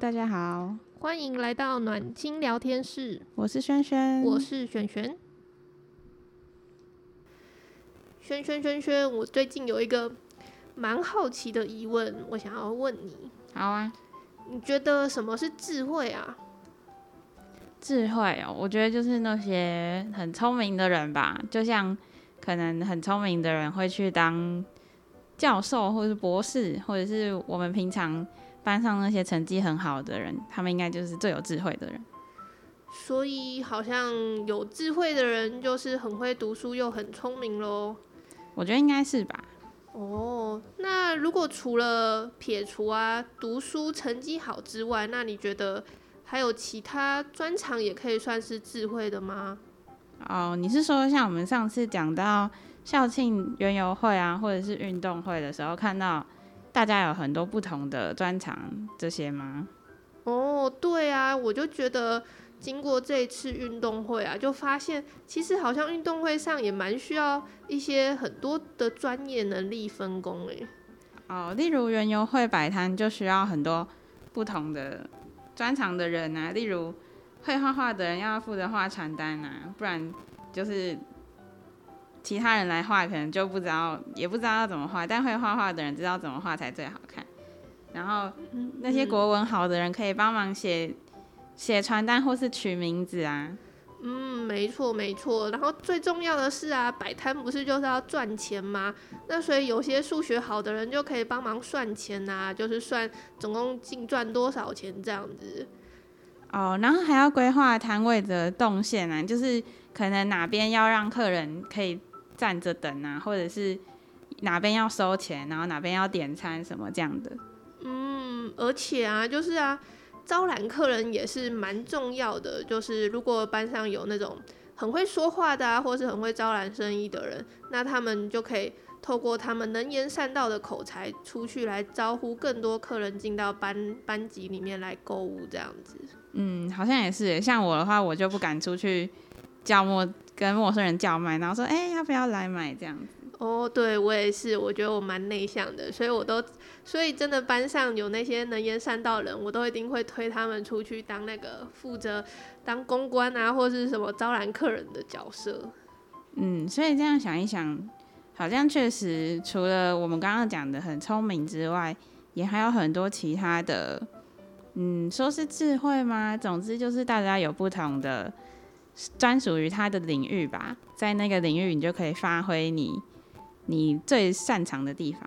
大家好，歡迎來到暖心聊天室。我是萱萱，我是璇璇，璇璇，璇璇。我最近有一個蠻好奇的疑問，我想要問你。好啊，你覺得什麼是智慧啊？智慧哦，我覺得就是那些很聰明的人吧。就像可能很聰明的人會去當教授，或者是博士，或者是我們平常。班上那些成績很好的人，他們應該就是最有智慧的人。所以好像有智慧的人就是很會讀書又很聰明咯。我覺得應該是吧。哦，那如果除了撇除啊讀書成績好之外，那你覺得還有其他專長也可以算是智慧的嗎？哦，你是說像我們上次講到校慶園遊會啊，或者是運動會的時候看到。大家有很多不同的專長，這些嗎？哦，對啊，我就覺得經過這一次運動會啊，就發現其實好像運動會上也蠻需要一些很多的專業能力分工誒。哦，例如園遊會擺攤就需要很多不同的專長的人啊，例如會畫畫的人要負責畫傳單啊，不然就是。其他人來畫可能就不知道，也不知道要怎麼畫，但會畫畫的人知道怎麼畫才最好看。然後，嗯，那些國文好的人可以幫忙寫寫傳單或是取名字啊。嗯，沒錯沒錯。然後最重要的是啊，擺攤不是就是要賺錢嗎？那所以有些數學好的人就可以幫忙算錢啊，就是算總共淨賺多少錢這樣子。哦，然後還要規劃攤位的動線啊，就是可能哪邊要讓客人可以。站着等啊，或者是哪邊要收錢，然後哪邊要點餐什麼這樣的。嗯，而且啊，就是啊，招攬客人也是蠻重要的。就是如果班上有那種很會說話的啊，或是很會招攬生意的人，那他們就可以透過他們能言善道的口才，出去來招呼更多客人進到班班級裡面來購物這樣子。嗯，好像也是。像我的話，我就不敢出去。叫陌跟陌生人叫賣，然後說：“哎，要不要來買？”這樣子。哦，對，我也是，我覺得我蠻內向的，所以我都所以真的班上有那些能言善道人，我都一定會推他們出去當那個負責當公關啊，或是什麼招攬客人的角色。嗯，所以這樣想一想，好像確實除了我們剛剛講的很聰明之外，也還有很多其他的，嗯，說是智慧嗎？總之就是大家有不同的。專屬於他的領域吧，在那個領域你就可以發揮你你最擅長的地方。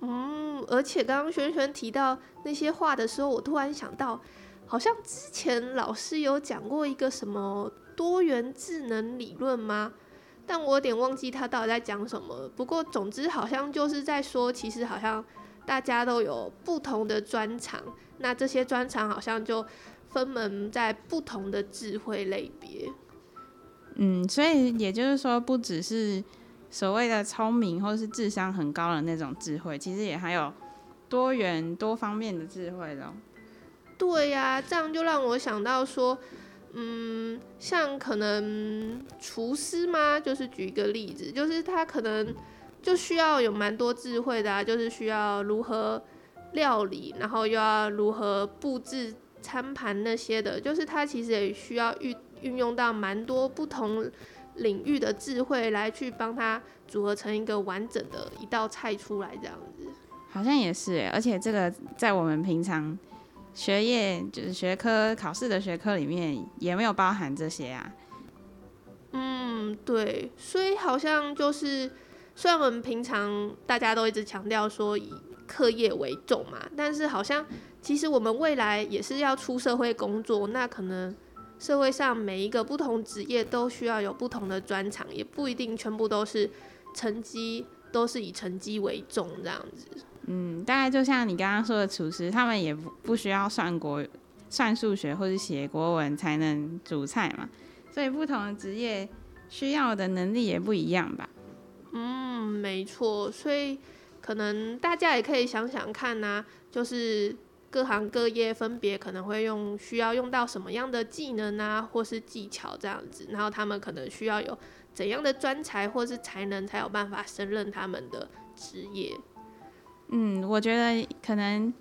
嗯，而且剛剛萱萱提到那些話的時候，我突然想到，好像之前老師有講過一個什麼多元智能理論嗎？但我有點忘記他到底在講什麼。不過總之好像就是在說，其實好像大家都有不同的專長，那這些專長好像就。分門在不同的智慧類別，嗯，所以也就是說，不只是所謂的聰明或是智商很高的那種智慧，其實也還有多元多方面的智慧的。對呀、啊，這樣就讓我想到說，嗯，像可能廚師嘛，就是舉一個例子，就是他可能就需要有蠻多智慧的啊，就是需要如何料理，然後又要如何布置。餐盤那些的，就是它其實也需要運運用到蠻多不同領域的智慧來去幫他組合成一個完整的一道菜出來，這樣子。好像也是欸，而且這個在我們平常學業就是學科考試的學科裡面也沒有包含這些啊。嗯，對，所以好像就是雖然我們平常大家都一直強調說以。課業為重嘛，但是好像其實我們未來也是要出社會工作，那可能社會上每一個不同職業都需要有不同的專長，也不一定全部都是成績，都是以成績為重這樣子。嗯，大概就像你剛剛說的，廚師他們也不不需要算國算數學或者寫國文才能煮菜嘛，所以不同的職業需要的能力也不一樣吧。嗯，沒錯，所以。可能大家也可以想想看吶、啊，就是各行各業分別可能會用需要用到什麼樣的技能啊，或是技巧這樣子，然後他們可能需要有怎樣的專才或是才能才有辦法勝任他們的職業。嗯，我覺得可能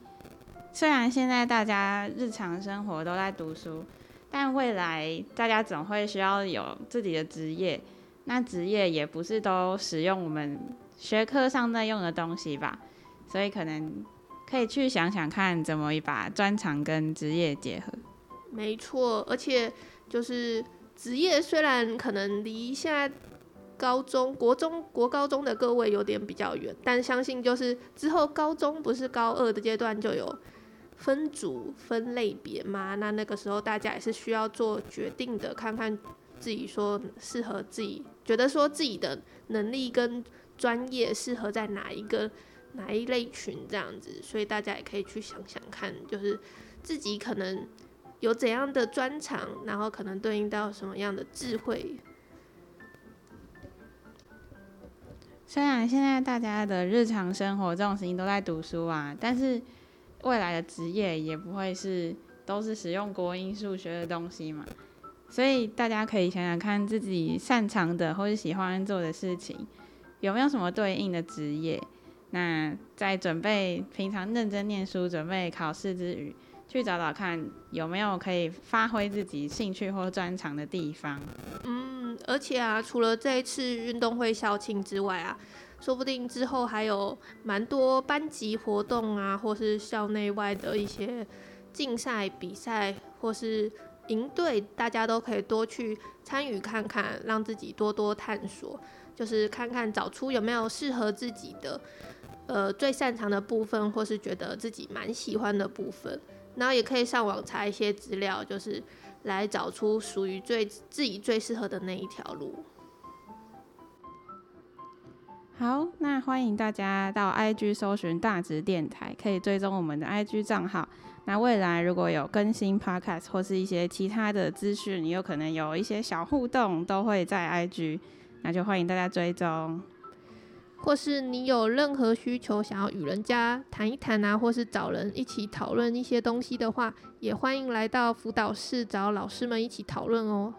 雖然現在大家日常生活都在讀書，但未來大家總會需要有自己的職業，那職業也不是都使用我們。學科上在用的東西吧，所以可能可以去想想看怎麼把專長跟職業結合。沒錯，而且就是職業雖然可能離現在高中、國中、國高中的各位有點比較遠，但相信就是之後高中不是高二的階段就有分組、分類別嘛。那那個時候大家也是需要做決定的，看看自己說適合自己，覺得說自己的能力跟專業適合在哪一個、哪一類群這樣子，所以大家也可以去想想看，就是自己可能有怎樣的專長，然後可能對應到什麼樣的智慧。雖然現在大家的日常生活重心都在讀書啊，但是未來的職業也不會是都是使用國英數學的東西嘛，所以大家可以想想看自己擅長的或是喜歡做的事情。有沒有什麼對應的職業？那在準備平常認真念書、準備考試之餘，去找找看有沒有可以發揮自己興趣或專長的地方。嗯，而且啊，除了這一次運動會校慶之外啊，說不定之後還有蠻多班級活動啊，或是校內外的一些競賽、比賽，或是營隊，大家都可以多去參與看看，讓自己多多探索。就是看看找出有沒有適合自己的，呃，最擅長的部分，或是覺得自己蠻喜歡的部分。然後也可以上網查一些資料，就是來找出屬於最自己最適合的那一條路。好，那歡迎大家到 IG 搜尋大直電台，可以追蹤我們的 IG 賬號。那未來如果有更新 Podcast 或是一些其他的資訊，你有可能有一些小互動，都會在 IG。那就歡迎大家追蹤，或是你有任何需求想要與人家談一談啊，或是找人一起討論一些東西的話，也歡迎來到輔導室找老師們一起討論哦。